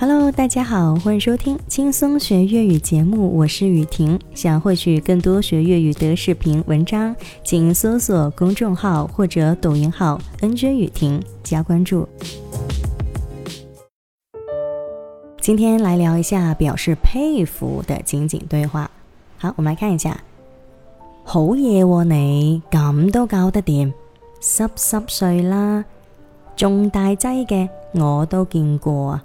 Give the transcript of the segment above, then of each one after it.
Hello，大家好，歡迎收聽輕鬆學粵語節目，我是宇婷。想獲取更多學粵語的視頻文章，請搜索公眾號或者抖音號“ NJ 宇婷”加關注。今天來聊一下表示佩服的情景對話。好，我們來看一下。好嘢喔，你咁都搞得掂，濕濕碎啦，仲大劑嘅，我都見過啊。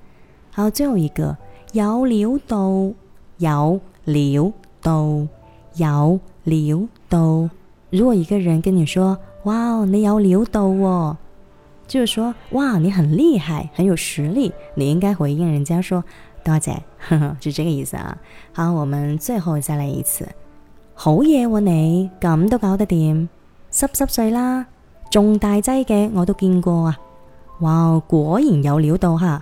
好，最後一個有料到，有料到，有料到。如果一個人跟你說，哇，你有料到哦，就是說，哇，你很厲害，很有實力，你應該回應人家說，多謝，是 這個意思啊。好，我們最後再來一次，好嘢喎、啊，你咁都搞得掂，濕濕碎啦，仲大劑嘅我都見過啊，哇，果然有料到哈